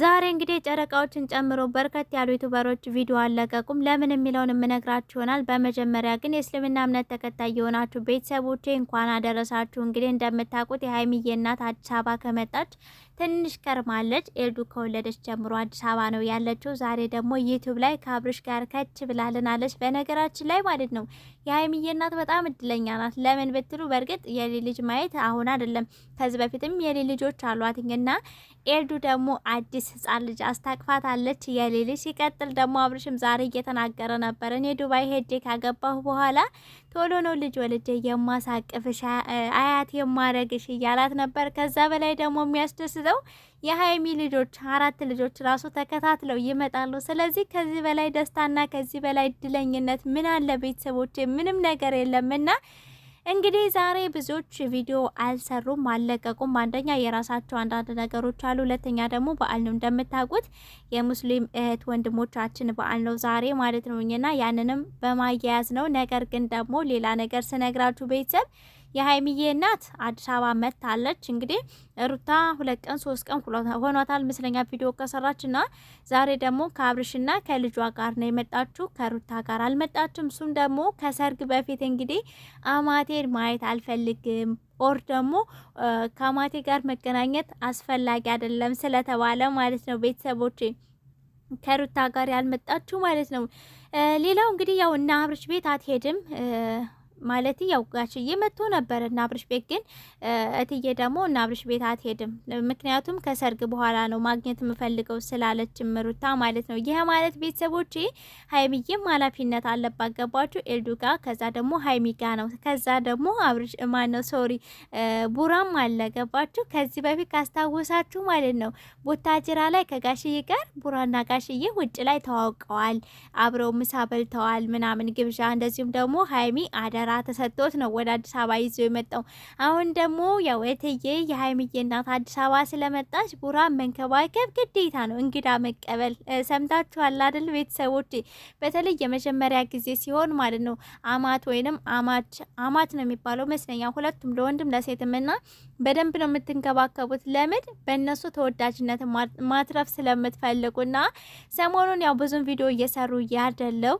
ዛሬ እንግዲህ ጨረቃዎችን ጨምሮ በርከት ያሉ ዩቱበሮች ቪዲዮ አለቀቁም። ለምን የሚለውን የምነግራችሁ ይሆናል። በመጀመሪያ ግን የእስልምና እምነት ተከታይ የሆናችሁ ቤተሰቦቼ እንኳን አደረሳችሁ። እንግዲህ እንደምታውቁት የሀይሚዬ እናት አዲስ አበባ ከመጣች ትንሽ ከርማለች። ኤልዱ ከወለደች ጀምሮ አዲስ አበባ ነው ያለችው። ዛሬ ደግሞ ዩቲዩብ ላይ ከአብርሽ ጋር ከች ብላልናለች። በነገራችን ላይ ማለት ነው የሀይሚዬ እናት በጣም እድለኛ ናት። ለምን ብትሉ በእርግጥ የሌ ልጅ ማየት አሁን አይደለም፣ ከዚህ በፊትም የሌ ልጆች አሏትኝ እና ኤልዱ ደግሞ አዲስ ህጻን ልጅ አስታቅፋታለች። የሌ ልጅ ሲቀጥል ደግሞ አብርሽም ዛሬ እየተናገረ ነበር። እኔ ዱባይ ሄጄ ካገባሁ በኋላ ቶሎ ነው ልጅ ወልጄ የማሳቅፍሽ አያት የማረግሽ እያላት ነበር። ከዛ በላይ ደግሞ የሚያስደስተ ተከታትለው የሀይሚ ልጆች አራት ልጆች ራሱ ተከታትለው ይመጣሉ። ስለዚህ ከዚህ በላይ ደስታና ከዚህ በላይ እድለኝነት ምን አለ? ቤተሰቦች ምንም ነገር የለምና እንግዲህ ዛሬ ብዙዎች ቪዲዮ አልሰሩም አልለቀቁም። አንደኛ የራሳቸው አንዳንድ ነገሮች አሉ፣ ሁለተኛ ደግሞ በዓል ነው። እንደምታውቁት የሙስሊም እህት ወንድሞቻችን በዓል ነው ዛሬ ማለት ነውና ያንንም በማያያዝ ነው። ነገር ግን ደግሞ ሌላ ነገር ስነግራችሁ ቤተሰብ የሀይሚዬ እናት አዲስ አበባ መታለች። እንግዲህ ሩታ ሁለት ቀን ሶስት ቀን ሆኗታል መስለኛ ቪዲዮ ከሰራች ና ዛሬ ደግሞ ከአብርሽና ከልጇ ጋር ነው የመጣችሁ። ከሩታ ጋር አልመጣችም። እሱም ደግሞ ከሰርግ በፊት እንግዲህ አማቴን ማየት አልፈልግም ኦር ደግሞ ከአማቴ ጋር መገናኘት አስፈላጊ አይደለም ስለተባለ ማለት ነው ቤተሰቦቼ ከሩታ ጋር ያልመጣችሁ ማለት ነው። ሌላው እንግዲህ ያው እና አብርሽ ቤት አትሄድም ማለት ያው ጋሽዬ መጥቶ ነበር እና አብርሽ ቤት ግን እትዬ ደግሞ እና አብርሽ ቤት አትሄድም፣ ምክንያቱም ከሰርግ በኋላ ነው ማግኘት የምፈልገው ስላለች ምሩታ ማለት ነው። ይህ ማለት ቤተሰቦች ሀይሚዬም ኃላፊነት አለባት ገባችሁ? ኤልዱ ከዛ ደግሞ ሀይሚ ጋ ነው። ከዛ ደግሞ አብርሽ ማን ነው ሶሪ ቡራም አለ ገባችሁ? ከዚህ በፊት ካስታወሳችሁ ማለት ነው ቦታጅራ ላይ ከጋሽዬ ጋር ቡራና ጋሽዬ ውጭ ላይ ተዋውቀዋል፣ አብረው ምሳ በልተዋል ምናምን ግብዣ እንደዚሁም ደግሞ ሀይሚ አደራ ስራ ተሰጥቶት ነው ወደ አዲስ አበባ ይዞ የመጣው። አሁን ደግሞ ያው እትዬ የሀይምዬ እናት አዲስ አበባ ስለመጣች ቡራ መንከባከብ ግዴታ ነው፣ እንግዳ መቀበል። ሰምታችኋል አይደል ቤተሰቦች? በተለይ የመጀመሪያ ጊዜ ሲሆን ማለት ነው አማት ወይንም አማች አማት ነው የሚባለው መስለኛ፣ ሁለቱም ለወንድም ለሴትም እና በደንብ ነው የምትንከባከቡት። ለምን በእነሱ ተወዳጅነት ማትረፍ ስለምትፈልጉና ሰሞኑን ያው ብዙም ቪዲዮ እየሰሩ ያደለው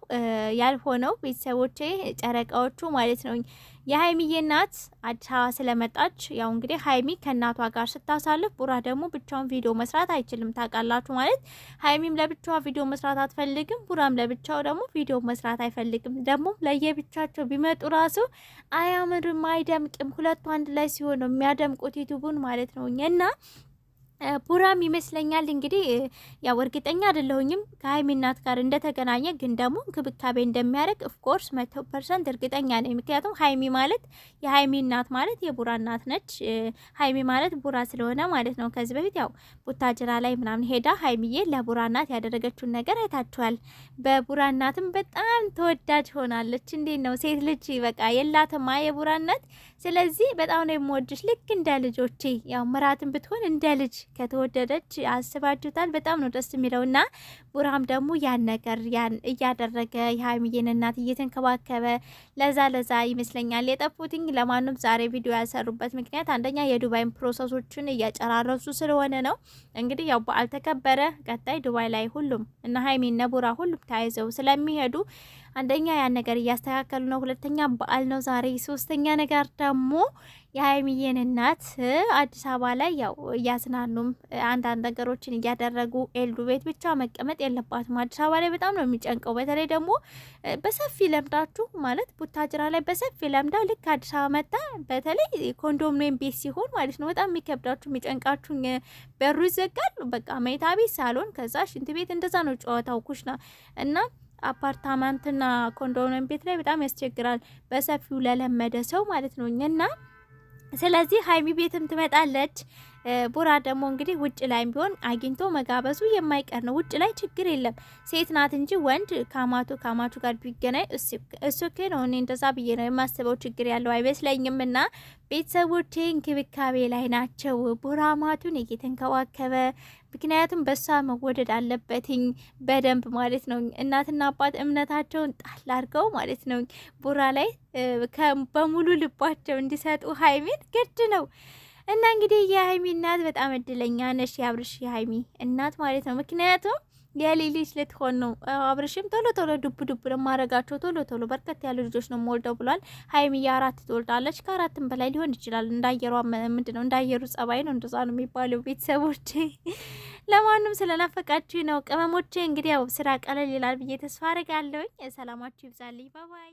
ያልሆነው ቤተሰቦቼ ጨረቃዎቹ ማለት ነው። የሀይሚዬ እናት አዲስ አበባ ስለመጣች ያው እንግዲህ ሀይሚ ከእናቷ ጋር ስታሳልፍ፣ ቡራ ደግሞ ብቻውን ቪዲዮ መስራት አይችልም። ታውቃላችሁ ማለት ሀይሚም ለብቻዋ ቪዲዮ መስራት አትፈልግም፣ ቡራም ለብቻው ደግሞ ቪዲዮ መስራት አይፈልግም። ደግሞ ለየብቻቸው ቢመጡ ራሱ አያምርም፣ አይደምቅም። ሁለቱ አንድ ላይ ሲሆን ነው የሚያደምቁት ዩቱቡን ማለት ነው እና ቡራም ይመስለኛል እንግዲህ ያው እርግጠኛ አይደለሁኝም ከሀይሚ እናት ጋር እንደተገናኘ ግን ደግሞ እንክብካቤ እንደሚያደርግ ኦፍኮርስ መቶ ፐርሰንት እርግጠኛ ነኝ። ምክንያቱም ሀይሚ ማለት የሀይሚ እናት ማለት የቡራ እናት ነች። ሀይሚ ማለት ቡራ ስለሆነ ማለት ነው። ከዚህ በፊት ያው ቡታጅራ ላይ ምናምን ሄዳ ሀይሚዬ ለቡራ እናት ያደረገችውን ነገር አይታችኋል። በቡራ እናትም በጣም ተወዳጅ ሆናለች። እንዴት ነው ሴት ልጅ በቃ የላትማ የቡራ እናት። ስለዚህ በጣም ነው የምወድሽ ልክ እንደ ልጆቼ። ያው ምራትን ብትሆን እንደ ልጅ ከተወደደች አስባችሁታል። በጣም ነው ደስ የሚለው እና ቡራም ደግሞ ያን ነገር እያደረገ የሀይሚዬን እናት እየተንከባከበ ለዛ ለዛ ይመስለኛል የጠፉትኝ። ለማንም ዛሬ ቪዲዮ ያሰሩበት ምክንያት አንደኛ የዱባይን ፕሮሰሶችን እያጨራረሱ ስለሆነ ነው። እንግዲህ ያው በዓል ተከበረ። ቀጣይ ዱባይ ላይ ሁሉም እና ሀይሚና ቡራ ሁሉም ተያይዘው ስለሚሄዱ አንደኛ ያን ነገር እያስተካከሉ ነው፣ ሁለተኛ በዓል ነው ዛሬ፣ ሶስተኛ ነገር ደግሞ የሀይሚዬን እናት አዲስ አበባ ላይ ያው እያዝናኑም አንዳንድ ነገሮችን እያደረጉ ኤልዱ ቤት ብቻ መቀመጥ የለባትም። አዲስ አበባ ላይ በጣም ነው የሚጨንቀው። በተለይ ደግሞ በሰፊ ለምዳችሁ ማለት ቡታጅራ ላይ በሰፊ ለምዳ ልክ አዲስ አበባ መጣ፣ በተለይ ኮንዶሚኒየም ቤት ሲሆን ማለት ነው በጣም የሚከብዳችሁ የሚጨንቃችሁ፣ በሩ ይዘጋል፣ በቃ መኝታ ቤት ሳሎን፣ ከዛ ሽንት ቤት፣ እንደዛ ነው ጨዋታው ኩሽና እና አፓርታማንትና ኮንዶሚኒየም ቤት ላይ በጣም ያስቸግራል፣ በሰፊው ለለመደ ሰው ማለት ነው እና ስለዚህ ሀይሚ ቤትም ትመጣለች። ቡራ ደግሞ እንግዲህ ውጭ ላይም ቢሆን አግኝቶ መጋበዙ የማይቀር ነው። ውጭ ላይ ችግር የለም ሴት ናት እንጂ ወንድ ከአማቱ ከአማቱ ጋር ቢገናኝ እሱኬ ነው። እኔ እንደዛ ብዬ ነው የማስበው። ችግር ያለው አይመስለኝም። ና ቤተሰቦቼ እንክብካቤ ላይ ናቸው። ቡራ አማቱን እየተንከባከበ ምክንያቱም በሷ መወደድ አለበትኝ በደንብ ማለት ነው። እናትና አባት እምነታቸውን ጣል አድርገው ማለት ነው ቡራ ላይ በሙሉ ልባቸው እንዲሰጡ ሀይሚን ግድ ነው። እና እንግዲህ የሀይሚ እናት በጣም እድለኛ ነሽ፣ የአብርሽ የሀይሚ እናት ማለት ነው። ምክንያቱም የሌ ልትሆን ነው። አብርሽም ቶሎ ቶሎ ዱብ ዱብ ነው ማድረጋቸው፣ ቶሎ ቶሎ በርከት ያሉ ልጆች ነው ሞልደው ብሏል። ሀይሚ የአራት ትወልዳለች፣ ከአራትም በላይ ሊሆን ይችላል። እንዳየሯ ምንድ ነው እንዳየሩ ጸባይ ነው፣ እንደዛ ነው የሚባለው። ቤተሰቦች ለማንም ስለናፈቃችሁ ነው ቅመሞቼ። እንግዲህ ያው ስራ ቀለል ይላል ብዬ ተስፋ አደርጋለሁኝ። ሰላማችሁ ይብዛልኝ። ባባይ